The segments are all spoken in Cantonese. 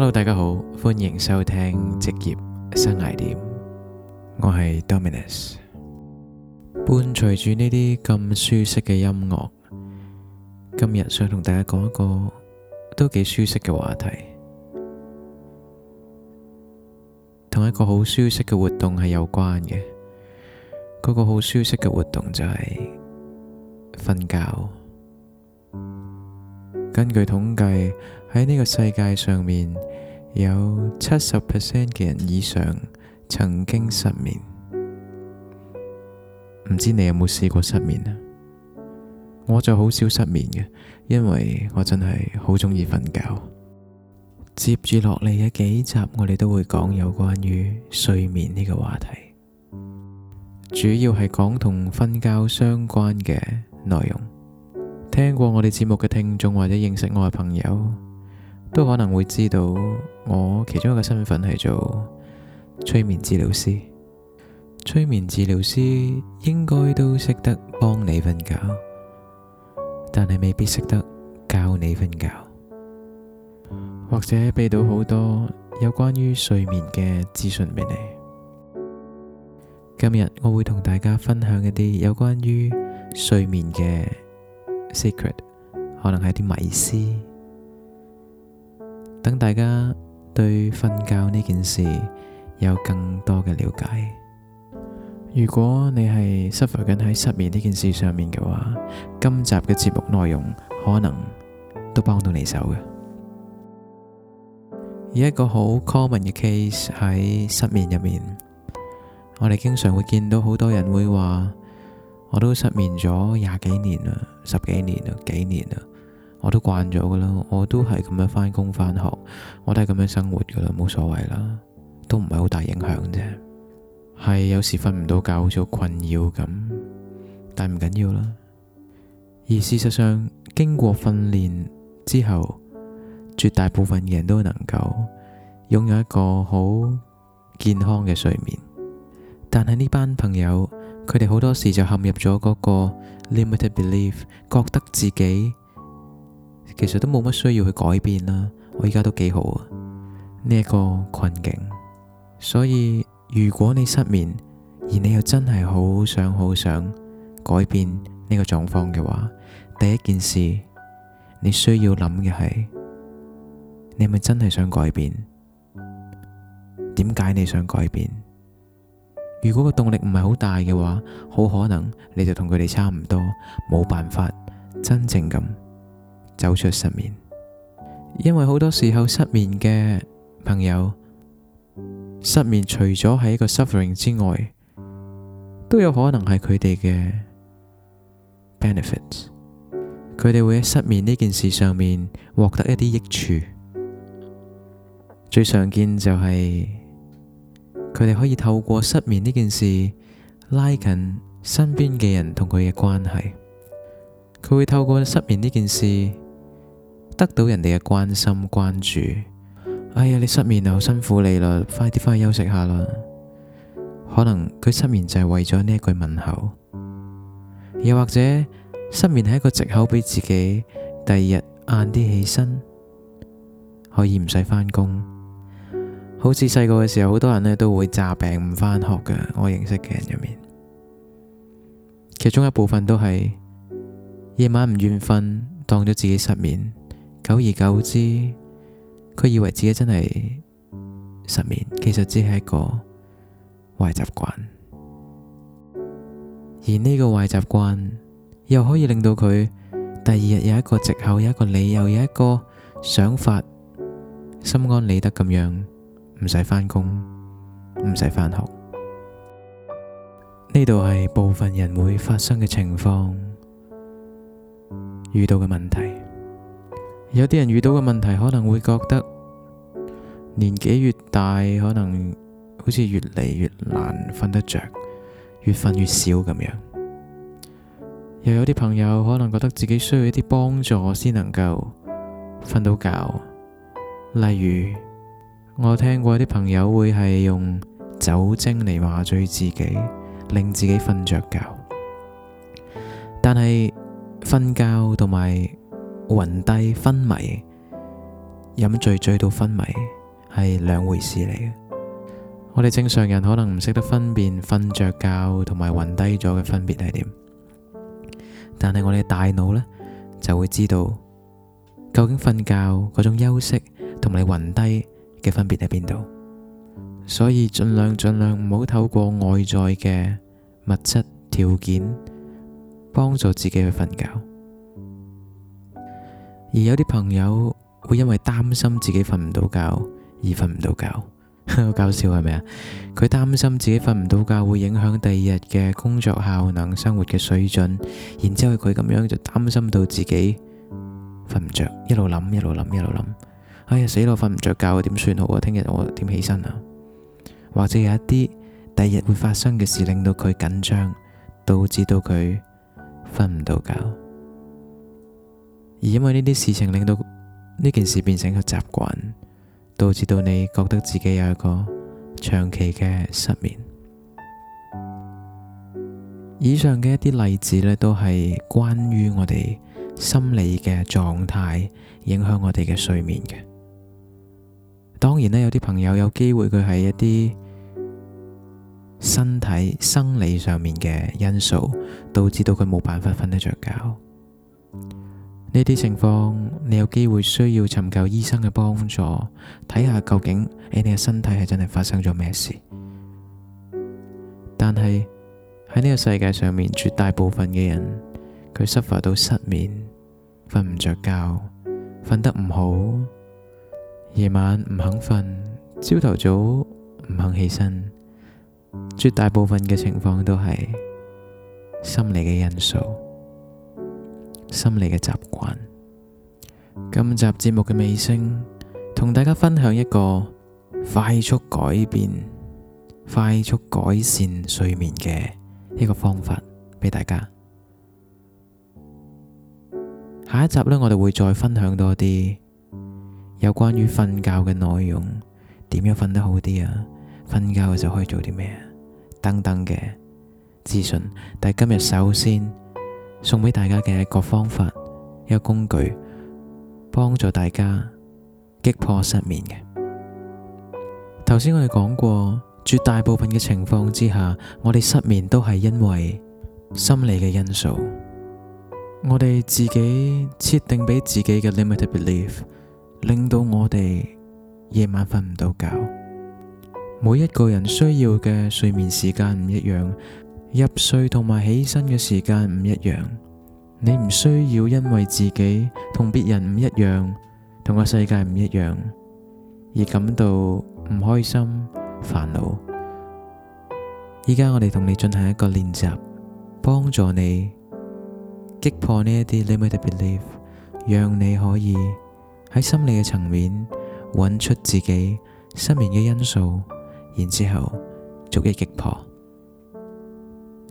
Hello，大家好，歡迎收聽職業生涯點，我係 Dominus，伴隨住呢啲咁舒適嘅音樂，今日想同大家講一個都幾舒適嘅話題，同一個好舒適嘅活動係有關嘅，嗰個好舒適嘅活動就係瞓覺。根據統計，喺呢個世界上面有七十 percent 嘅人以上曾經失眠。唔知你有冇試過失眠啊？我就好少失眠嘅，因為我真係好鍾意瞓覺。接住落嚟嘅幾集，我哋都會講有關於睡眠呢個話題，主要係講同瞓覺相關嘅內容。聽過我哋節目嘅聽眾或者認識我嘅朋友，都可能會知道我其中一個身份係做催眠治療師。催眠治療師應該都識得幫你瞓覺，但係未必識得教你瞓覺，或者俾到好多有關於睡眠嘅資訊俾你。今日我會同大家分享一啲有關於睡眠嘅。secret 可能係啲迷思，等大家對瞓覺呢件事有更多嘅了解。如果你係 suffer 緊喺失眠呢件事上面嘅話，今集嘅節目內容可能都幫到你手嘅。以一個好 common 嘅 case 喺失眠入面，我哋經常會見到好多人會話。我都失眠咗廿幾年啦，十幾年啦，幾年啦，我都慣咗噶啦，我都係咁樣翻工翻學，我都係咁樣生活噶啦，冇所謂啦，都唔係好大影響啫。係有時瞓唔到覺，好似好困擾咁，但唔緊要啦。而事實上，經過訓練之後，絕大部分嘅人都能夠擁有一個好健康嘅睡眠。但係呢班朋友。佢哋好多時就陷入咗嗰個 limited belief，覺得自己其實都冇乜需要去改變啦。我依家都幾好啊，呢一個困境。所以如果你失眠，而你又真係好想好想改變呢個狀況嘅話，第一件事你需要諗嘅係，你係咪真係想改變？點解你想改變？如果個動力唔係好大嘅話，好可能你就同佢哋差唔多，冇辦法真正咁走出失眠。因為好多時候失眠嘅朋友，失眠除咗係一個 suffering 之外，都有可能係佢哋嘅 benefits。佢哋會喺失眠呢件事上面獲得一啲益處。最常見就係、是。佢哋可以透過失眠呢件事拉近身邊嘅人同佢嘅關係，佢會透過失眠呢件事得到人哋嘅關心關注。哎呀，你失眠啊，好辛苦你啦，快啲翻去休息下啦。可能佢失眠就係為咗呢一句問候，又或者失眠係一個藉口俾自己，第二日晏啲起身可以唔使翻工。好似細個嘅時候，好多人呢都會詐病唔返學㗎。我認識嘅人入面，其中一部分都係夜晚唔願瞓，當咗自己失眠。久而久之，佢以為自己真係失眠，其實只係一個壞習慣。而呢個壞習慣又可以令到佢第二日有一個借口，有一個理由，有一個想法，心安理得咁樣。唔使返工，唔使返學，呢度係部分人會發生嘅情況，遇到嘅問題。有啲人遇到嘅問題可能會覺得年紀越大，可能好似越嚟越難瞓得着，越瞓越少咁樣。又有啲朋友可能覺得自己需要一啲幫助先能夠瞓到覺，例如，我聽過一啲朋友會係用酒精嚟麻醉自己，令自己瞓着覺。但係瞓覺同埋暈低昏迷，飲醉醉到昏迷係兩回事嚟嘅。我哋正常人可能唔識得分辨瞓着覺同埋暈低咗嘅分別係點，但係我哋大腦呢，就會知道究竟瞓覺嗰種休息同埋暈低。嘅分別喺邊度？所以盡量盡量唔好透過外在嘅物質條件幫助自己去瞓覺。而有啲朋友會因為擔心自己瞓唔到覺而瞓唔到覺，好 搞笑係咪啊？佢擔心自己瞓唔到覺會影響第二日嘅工作效能、生活嘅水準，然之後佢咁樣就擔心到自己瞓唔着，一路諗一路諗一路諗。哎呀，死咯，瞓唔着覺啊，點算好啊？聽日我點起身啊？或者有一啲第日會發生嘅事令到佢緊張，導致到佢瞓唔到覺，而因為呢啲事情令到呢件事變成一個習慣，導致到你覺得自己有一個長期嘅失眠。以上嘅一啲例子呢，都係關於我哋心理嘅狀態影響我哋嘅睡眠嘅。當然咧，有啲朋友有機會佢係一啲身體生理上面嘅因素，導致到佢冇辦法瞓得着覺。呢啲情況你有機會需要尋求醫生嘅幫助，睇下究竟你嘅身體係真係發生咗咩事？但係喺呢個世界上面，絕大部分嘅人佢 suffer 到失眠、瞓唔着覺、瞓得唔好。夜晚唔肯瞓，朝頭早唔肯起身，絕大部分嘅情況都係心理嘅因素，心理嘅習慣。今集節目嘅尾聲，同大家分享一個快速改變、快速改善睡眠嘅一個方法俾大家。下一集呢，我哋會再分享多啲。有關於瞓覺嘅內容，點樣瞓得好啲啊？瞓覺嘅時候可以做啲咩啊？等等嘅資訊。但係今日首先送俾大家嘅一個方法，一個工具，幫助大家擊破失眠嘅。頭先我哋講過，絕大部分嘅情況之下，我哋失眠都係因為心理嘅因素，我哋自己設定俾自己嘅 limited belief。令到我哋夜晚瞓唔到覺，每一個人需要嘅睡眠時間唔一樣，入睡同埋起身嘅時間唔一樣。你唔需要因為自己同別人唔一樣，同個世界唔一樣而感到唔開心、煩惱。依家，我哋同你進行一個練習，幫助你擊破呢一啲 limit belief，讓你可以。喺心理嘅層面搵出自己失眠嘅因素，然之後逐一擊破。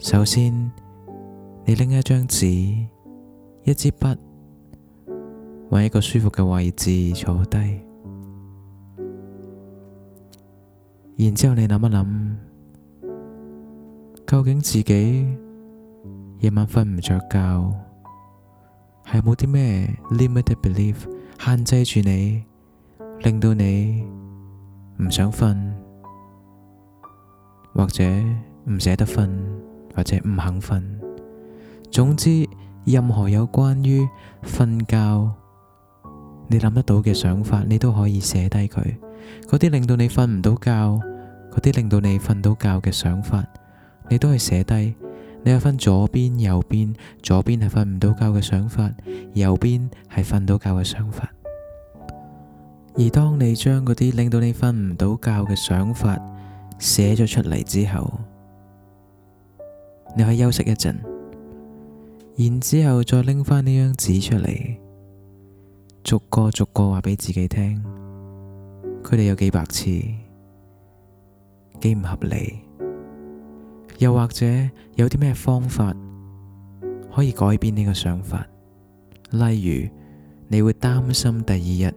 首先，你拎一張紙、一支筆，搵一個舒服嘅位置坐低，然之後你諗一諗，究竟自己夜晚瞓唔着覺係冇啲咩 limited belief。限制住你，令到你唔想瞓，或者唔捨得瞓，或者唔肯瞓。總之，任何有關於瞓覺你諗得到嘅想法，你都可以寫低佢。嗰啲令到你瞓唔到覺，嗰啲令到你瞓到覺嘅想法，你都係寫低。你有分左邊、右邊，左邊係瞓唔到覺嘅想法，右邊係瞓到覺嘅想法。而當你將嗰啲令到你瞓唔到覺嘅想法寫咗出嚟之後，你可以休息一陣，然之後再拎翻呢張紙出嚟，逐個逐個話俾自己聽，佢哋有幾百次，幾唔合理。又或者有啲咩方法可以改變呢個想法？例如你會擔心第二日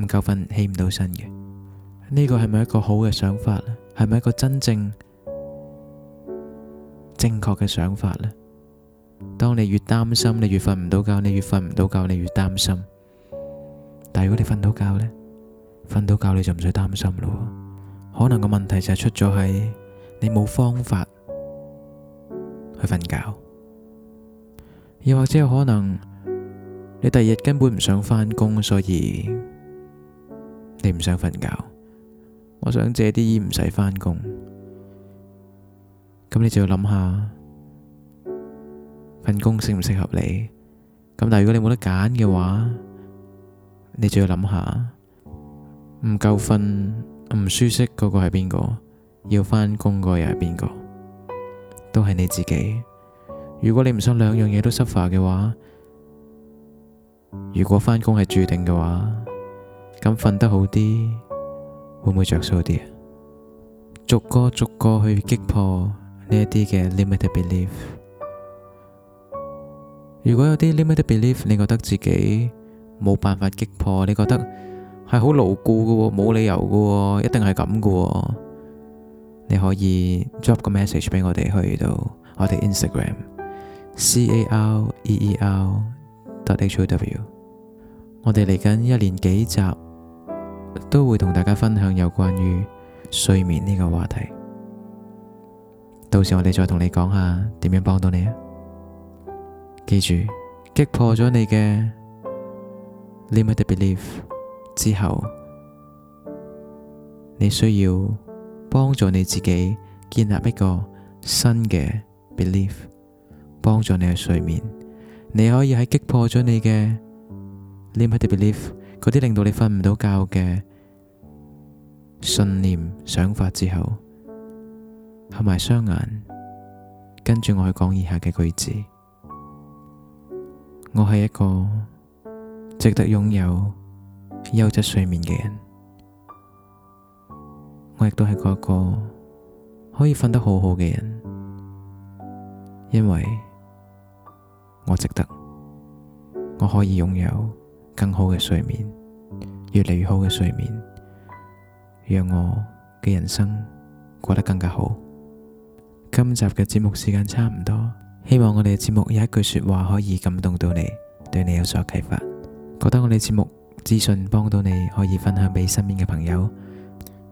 唔夠瞓起唔到身嘅，呢個係咪一個好嘅想法呢？係咪一個真正正確嘅想法呢？當你越擔心，你越瞓唔到覺，你越瞓唔到覺，你越擔心。但如果你瞓到覺呢？瞓到覺你就唔使擔心咯。可能個問題就係出咗喺你冇方法。瞓覺，又或者有可能你第二日根本唔想返工，所以你唔想瞓覺。我想借啲意唔使返工，咁你就要諗下份工適唔適合你。咁但係如果你冇得揀嘅話，你就要諗下唔夠瞓唔舒適嗰個係邊個，要返工嗰個又係邊個。都係你自己。如果你唔想兩樣嘢都 suffer 嘅話，如果翻工係注定嘅話，咁瞓得好啲會唔會着數啲？逐個逐個去擊破呢一啲嘅 limited belief。如果有啲 limited belief，你覺得自己冇辦法擊破，你覺得係好牢固嘅，冇理由嘅，一定係咁嘅。你可以 drop 個 message 畀我哋去到我哋 Instagram C A R E E R dot H O W。我哋嚟緊一連幾集都會同大家分享有關於睡眠呢個話題。到時我哋再同你講下點樣幫到你啊！記住，擊破咗你嘅 limit belief 之後，你需要。幫助你自己建立一個新嘅 belief，幫助你嘅睡眠。你可以喺擊破咗你嘅 limit 嘅 belief，嗰啲令到你瞓唔到覺嘅信念、想法之後，合埋雙眼，跟住我去講以下嘅句子，我係一個值得擁有優質睡眠嘅人。我亦都係嗰個可以瞓得好好嘅人，因為我值得，我可以擁有更好嘅睡眠，越嚟越好嘅睡眠，讓我嘅人生過得更加好。今集嘅節目時間差唔多，希望我哋嘅節目有一句說話可以感動到你，對你有所啟發。覺得我哋節目資訊幫到你，可以分享俾身邊嘅朋友。